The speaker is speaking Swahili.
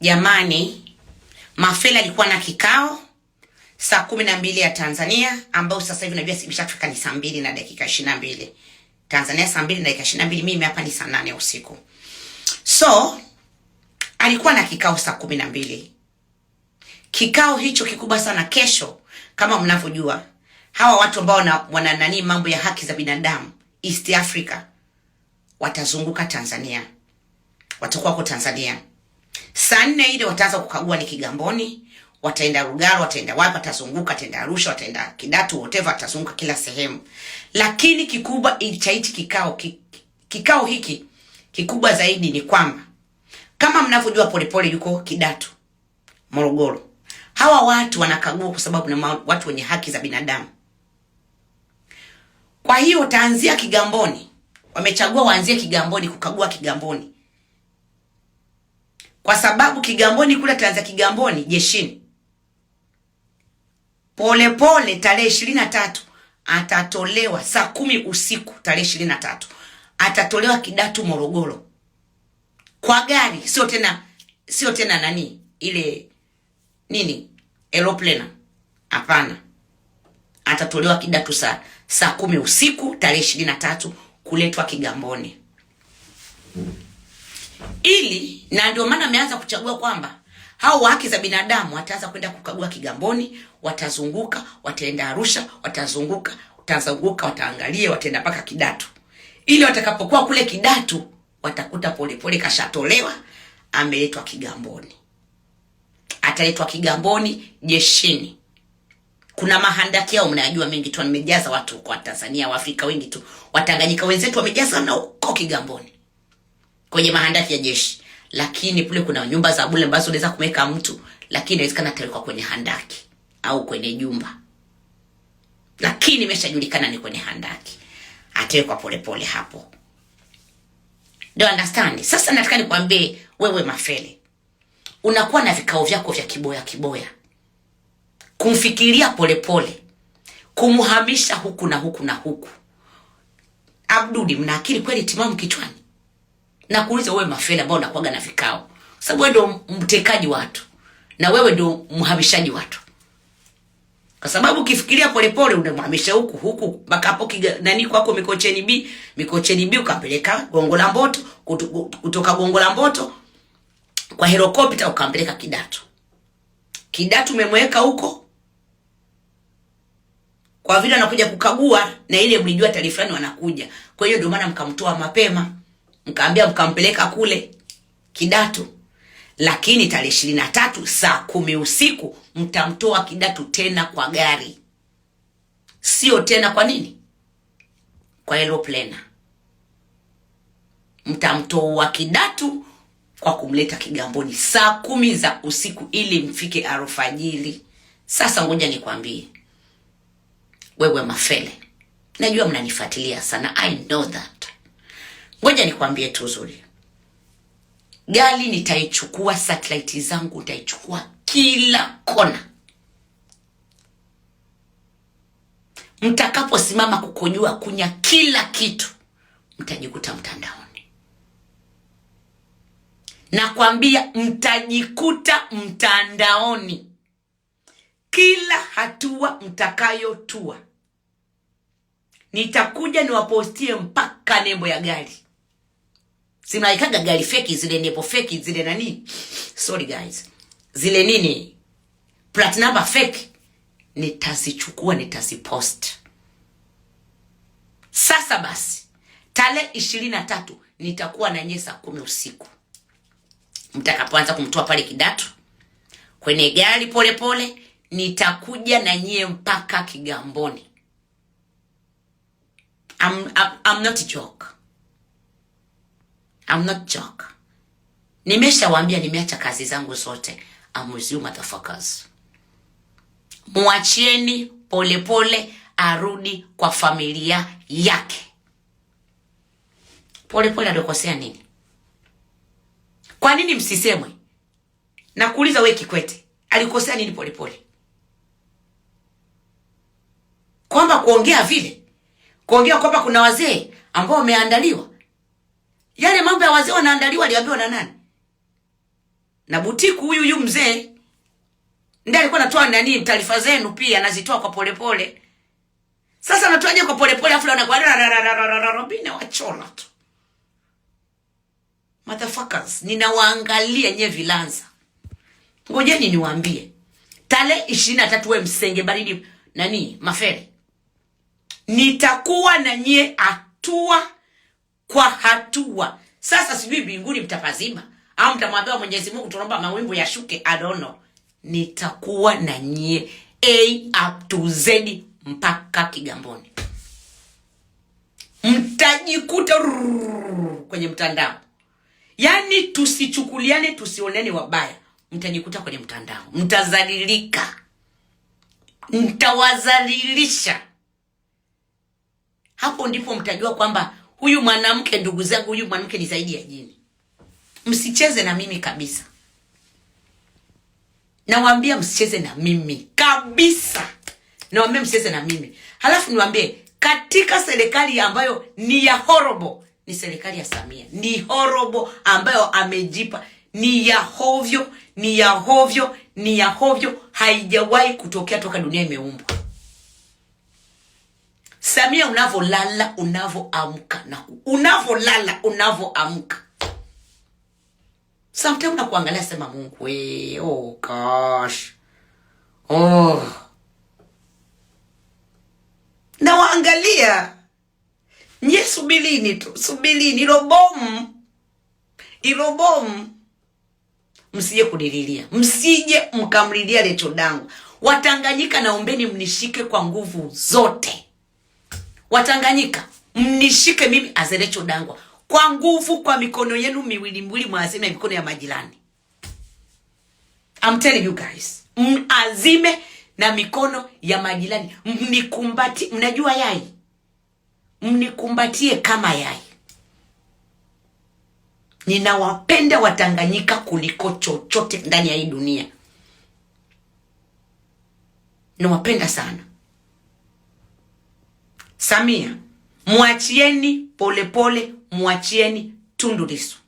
Jamani, mafela alikuwa na kikao saa kumi na mbili ya Tanzania, ambao sasa hivi najua imeshafika ni saa mbili na dakika ishirini na mbili Tanzania, saa mbili na dakika ishirini na mbili mimi hapa ni saa nane usiku. So alikuwa na kikao saa kumi na mbili kikao hicho kikubwa sana. Kesho kama mnavyojua, hawa watu ambao wana nani mambo ya haki za binadamu East Africa watazunguka Tanzania, watakuwa wako Tanzania Saa nne ile wataanza kukagua ni Kigamboni, wataenda Rugalo, wataenda wapi, watazunguka, wataenda Arusha, wataenda Kidatu, whatever, watazunguka kila sehemu. Lakini kikubwa cha hichi kikao kikao hiki kikubwa zaidi ni kwamba kama mnavyojua, Polepole yuko Kidatu, Morogoro. Hawa watu wanakagua kwa sababu ni watu wenye haki za binadamu. Kwa hiyo wataanzia Kigamboni, wamechagua waanzie Kigamboni kukagua Kigamboni kwa sababu Kigamboni kule ataanza Kigamboni jeshini. Polepole tarehe ishirini na tatu atatolewa saa kumi usiku tarehe ishirini na tatu atatolewa Kidatu Morogoro kwa gari, sio tena sio tena nani ile nini aeroplane, hapana, atatolewa Kidatu saa saa kumi usiku tarehe ishirini na tatu kuletwa Kigamboni ili na ndio maana ameanza kuchagua kwamba hao haki za binadamu wataanza kwenda kukagua Kigamboni, watazunguka, wataenda Arusha, watazunguka, watazunguka, wataangalia, wataenda mpaka Kidatu, ili watakapokuwa kule Kidatu watakuta Polepole kashatolewa, ameletwa Kigamboni, ataletwa Kigamboni jeshini. Kuna mahandaki yao mnayajua mengi tu, nimejaza watu kwa Tanzania, Waafrika wengi tu, Watanganyika wenzetu wamejaza na uko Kigamboni kwenye mahandaki ya jeshi, lakini kule kuna nyumba za bule ambazo unaweza kumweka mtu, lakini inawezekana atawekwa kwenye handaki au kwenye jumba, lakini imeshajulikana ni kwenye handaki, atawekwa polepole hapo. Do understand? Sasa nataka nikwambie wewe Mafele, unakuwa na vikao vyako vya kiboya kiboya, kumfikiria polepole, kumhamisha huku na huku na huku. Abdudi, mnaakili kweli timamu kichwani? na kuuliza wewe mafeli ambao unakuaga na vikao, sababu wewe ndio mtekaji watu na wewe ndio mhamishaji watu, kwa sababu ukifikiria polepole unamhamisha huku huku mpaka hapo nani kwako Mikocheni B, Mikocheni B ukapeleka Gongo la Mboto, kutoka Gongo la Mboto kwa helikopta ukampeleka Kidatu. Kidatu umemweka huko kwa vile anakuja kukagua, na ile mlijua taarifa fulani wanakuja, kwa hiyo ndio maana mkamtoa mapema mkaambia mkampeleka kule Kidatu, lakini tarehe ishirini na tatu saa kumi usiku mtamtoa Kidatu tena kwa gari, sio tena kwa nini, kwa eroplena. Mtamtoa Kidatu kwa kumleta Kigamboni saa kumi za usiku ili mfike alfajiri. Sasa ngoja nikwambie wewe Mafele, najua mnanifuatilia sana, I know that Ngoja nikwambie tu uzuri, gari nitaichukua, satellite zangu nitaichukua kila kona. Mtakaposimama kukojua kunya kila kitu, mtajikuta mtandaoni. Nakwambia mtajikuta mtandaoni. Kila hatua mtakayotua nitakuja niwapostie mpaka nembo ya gari simnaikaga gari feki zile nepo feki zile nani, sorry guys, zile nini platinum feki nitazichukua nitazipost. Sasa basi, tarehe ishirini na tatu nitakuwa na nyie saa kumi usiku mtakapoanza kumtoa pale Kidatu kwenye gari polepole, nitakuja na nyie mpaka Kigamboni. I'm, I'm, I'm not a joke. I'm not joke. Nimeshawaambia nimeacha kazi zangu zote. I'm with you motherfuckers. Mwachieni polepole arudi kwa familia yake. Polepole alikosea nini? Kwa nini msisemwe? Nakuuliza we Kikwete, alikosea nini Polepole? Kwamba kuongea vile, kuongea kwamba kuna wazee ambao wameandaliwa yale mambo ya wazee wanaandaliwa aliambiwa na nani? Na Butiku huyu huyu mzee ndiye alikuwa anatoa nani taarifa zenu pia anazitoa kwa polepole pole. Sasa anatoaje kwa polepole afu anakuwa Robine wachola tu. Motherfuckers, ninawaangalia nye vilanza. Ngojeni niwaambie. Tarehe 23 wewe msenge baridi nani mafere. Nitakuwa na nyie atua kwa hatua. Sasa sijui mbinguni mtapazima au mtamwambia Mwenyezi Mungu tunaomba mawingu yashuke, I don't know. Nitakuwa na nyie A up to Z mpaka Kigamboni, mtajikuta kwenye mtandao. Yaani tusichukuliane, tusioneni wabaya, mtajikuta kwenye mtandao, mtazalilika, mtawazalilisha. Hapo ndipo mtajua kwamba Huyu mwanamke, ndugu zangu, huyu mwanamke ni zaidi ya jini. Msicheze na mimi kabisa, nawaambia msicheze na mimi kabisa, nawaambia msicheze na mimi. Halafu niwaambie katika serikali ambayo ni ya horobo ni serikali ya Samia, ni horobo ambayo amejipa, ni ya hovyo, ni ya hovyo, ni ya hovyo, haijawahi kutokea toka dunia imeumbwa. Samia, unavolala unavoamka, na unavolala unavoamka, sometimes nakuangalia sema, Mungu we, oh gosh, oh, nawaangalia nye, subilini tu, subilini ilobomu, ilobomu, msije kudililia, msije mkamlilia lecho dangu. Watanganyika, naombeni mnishike kwa nguvu zote Watanganyika, mnishike mimi Azerecho Dangwa kwa nguvu, kwa mikono yenu miwili miwili, mwazime mikono ya majirani. I'm telling you guys, mazime na mikono ya majirani, mnikumbati. Mnajua yai, mnikumbatie kama yai. Ninawapenda Watanganyika kuliko chochote ndani ya hii dunia, nawapenda sana. Samia, mwachieni Polepole, mwachieni Tundu Lissu.